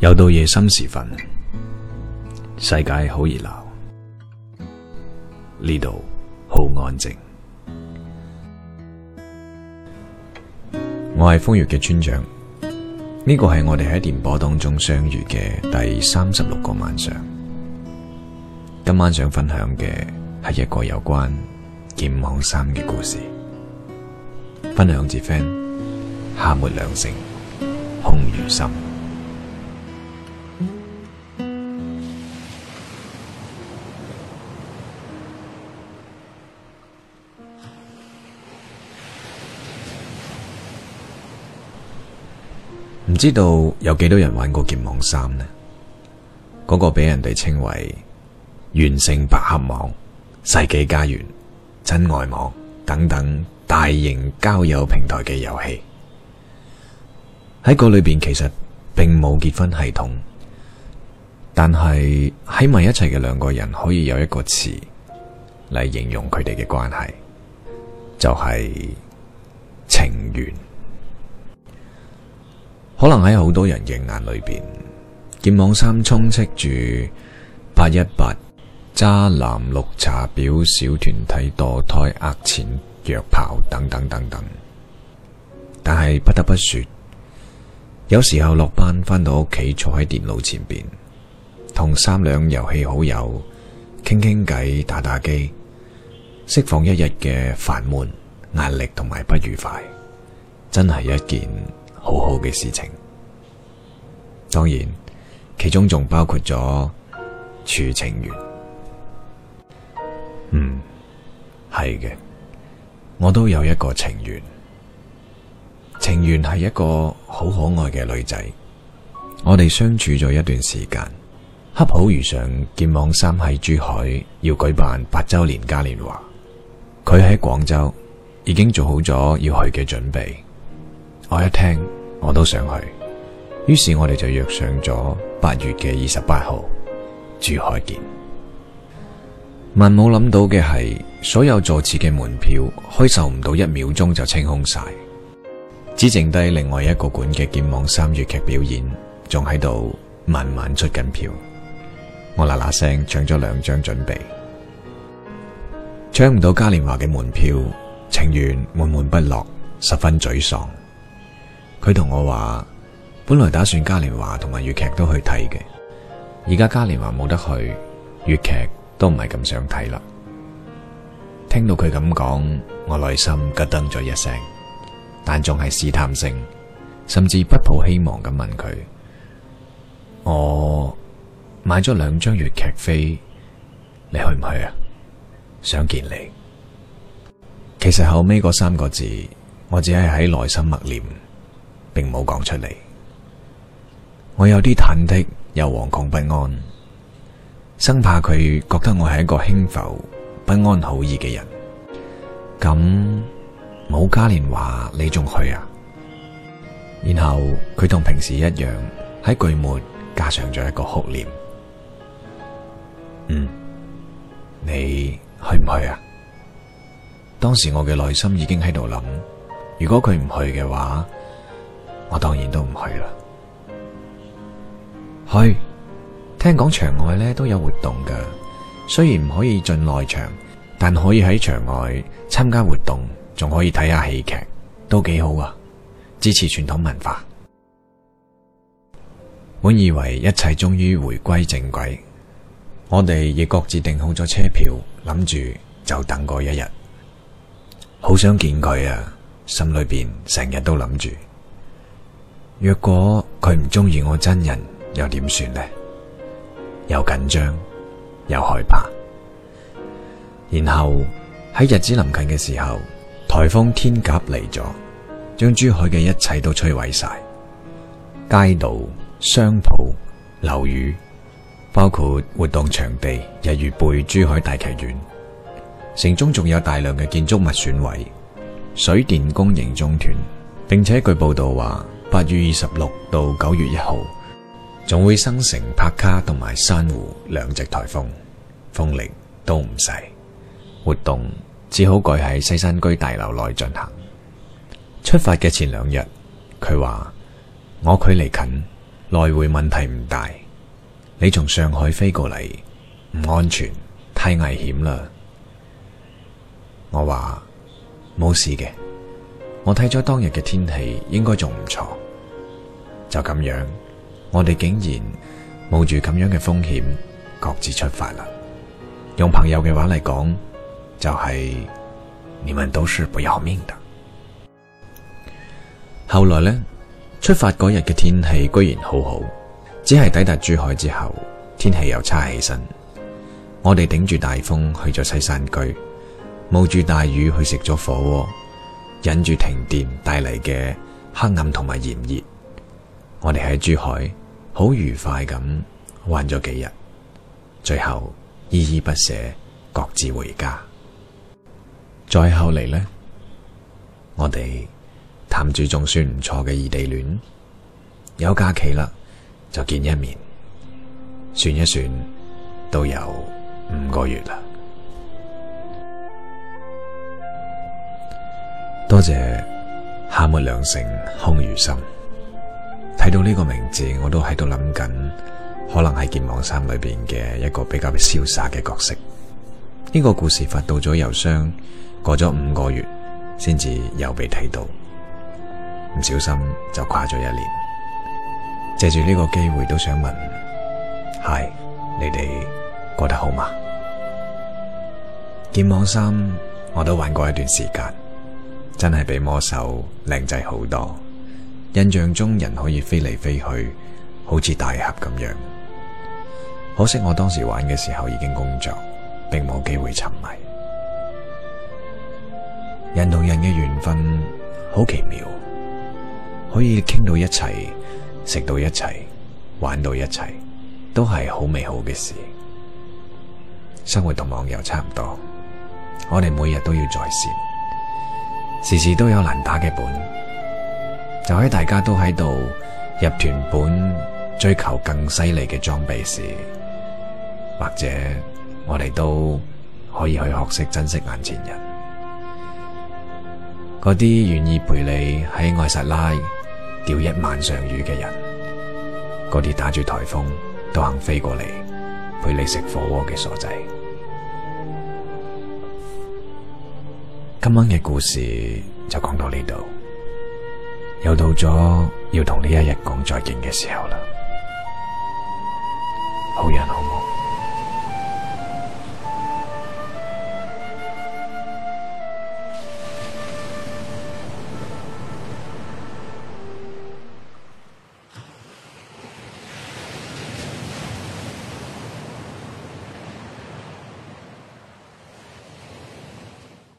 又到夜深時分，世界好熱鬧，呢度好安靜。我係瘋粵嘅村長，呢、這個係我哋喺電波當中相遇嘅第三十六個晚上。今晚想分享嘅係一個有關劍網三嘅故事。分享自 fan，夏末涼城，空餘心。知道有幾多人玩過劍網三？呢？嗰、那個俾人哋稱為完勝百合網、世紀佳緣、珍愛網等等大型交友平台嘅遊戲，喺個裏邊其實並冇結婚系統，但係喺埋一齊嘅兩個人可以有一個詞嚟形容佢哋嘅關係，就係、是、情緣。可能喺好多人嘅眼裏邊，劍網三充斥住八一八渣男綠茶婊小團體墮胎呃錢約炮等等等等。但係不得不說，有時候落班翻到屋企坐喺電腦前邊，同三兩遊戲好友傾傾偈打打機，釋放一日嘅煩悶、壓力同埋不愉快，真係一件好好嘅事情，當然其中仲包括咗處情緣。嗯，係嘅，我都有一個情緣。情緣係一個好可愛嘅女仔，我哋相處咗一段時間，恰好遇上劍網三喺珠海要舉辦八周年嘉年華，佢喺廣州已經做好咗要去嘅準備。我一聽，我都想去，於是我哋就約上咗八月嘅二十八號珠海見。萬萬冇諗到嘅係，所有座次嘅門票開售唔到一秒鐘就清空晒，只剩低另外一個館嘅劍網三粵劇表演仲喺度慢慢出緊票。我嗱嗱聲搶咗兩張準備，搶唔到嘉年華嘅門票，情緣悶悶不樂，十分沮喪。佢同我話，本來打算嘉年華同埋粵劇都去睇嘅，而家嘉年華冇得去，粵劇都唔係咁想睇啦。聽到佢咁講，我內心咯噔咗一聲，但仲係試探性，甚至不抱希望咁問佢：我買咗兩張粵劇飛，你去唔去啊？想見你。其實後尾嗰三個字，我只係喺內心默念。並冇講出嚟，我有啲忐忑又惶恐不安，生怕佢覺得我係一個輕浮不安好意嘅人。咁冇嘉年華，你仲去啊？然後佢同平時一樣喺句末加上咗一個哭臉。嗯，你去唔去啊？當時我嘅內心已經喺度諗，如果佢唔去嘅話。我當然都唔去啦。去，聽講場外呢都有活動噶，雖然唔可以進內場，但可以喺場外參加活動，仲可以睇下戲劇，都幾好啊！支持傳統文化。本以為一切終於回歸正軌，我哋亦各自訂好咗車票，諗住就等嗰一日。好想見佢啊！心裏邊成日都諗住。若果佢唔中意我真人，又點算呢？又緊張，又害怕。然後喺日子臨近嘅時候，台風天鴿嚟咗，將珠海嘅一切都摧毀晒。街道、商鋪、樓宇，包括活動場地，日月貝珠海大劇院，城中仲有大量嘅建築物損毀，水電供應中斷，並且據報道話。八月二十六到九月一號，仲會生成帕卡同埋珊瑚兩隻台風，風力都唔細，活動只好改喺西山居大樓內進行。出發嘅前兩日，佢話我距離近，來回問題唔大。你從上海飛過嚟唔安全，太危險啦。我話冇事嘅，我睇咗當日嘅天氣，應該仲唔錯。就咁樣，我哋竟然冒住咁樣嘅風險，各自出發啦。用朋友嘅話嚟講，就係、是、你們都是不要命的。後來呢，出發嗰日嘅天氣居然好好，只係抵達珠海之後，天氣又差起身。我哋頂住大風去咗西山居，冒住大雨去食咗火鍋，忍住停電帶嚟嘅黑暗同埋炎熱。我哋喺珠海好愉快咁玩咗幾日，最後依依不捨，各自回家。再後嚟呢，我哋談住仲算唔錯嘅異地戀，有假期啦就見一面，算一算都有五個月啦。多謝夏末涼城空餘心。睇到呢個名字，我都喺度諗緊，可能係劍網三裏邊嘅一個比較瀟灑嘅角色。呢個故事發到咗郵箱，過咗五個月，先至又被睇到，唔小心就跨咗一年。借住呢個機會都想問，係你哋過得好嗎？劍網三我都玩過一段時間，真係比魔獸靚仔好多。印象中人可以飛嚟飛去，好似大俠咁樣。可惜我當時玩嘅時候已經工作，並冇機會沉迷。人同人嘅緣分好奇妙，可以傾到一齊，食到一齊，玩到一齊，都係好美好嘅事。生活同網遊差唔多，我哋每日都要在線，時時都有難打嘅本。就喺大家都喺度入團本，追求更犀利嘅裝備時，或者我哋都可以去學識珍惜眼前人。嗰啲願意陪你喺愛沙拉釣一晚上魚嘅人，嗰啲打住台風都肯飛過嚟陪你食火鍋嘅傻仔。今晚嘅故事就講到呢度。又到咗要同呢一日講再見嘅時候啦，好人好。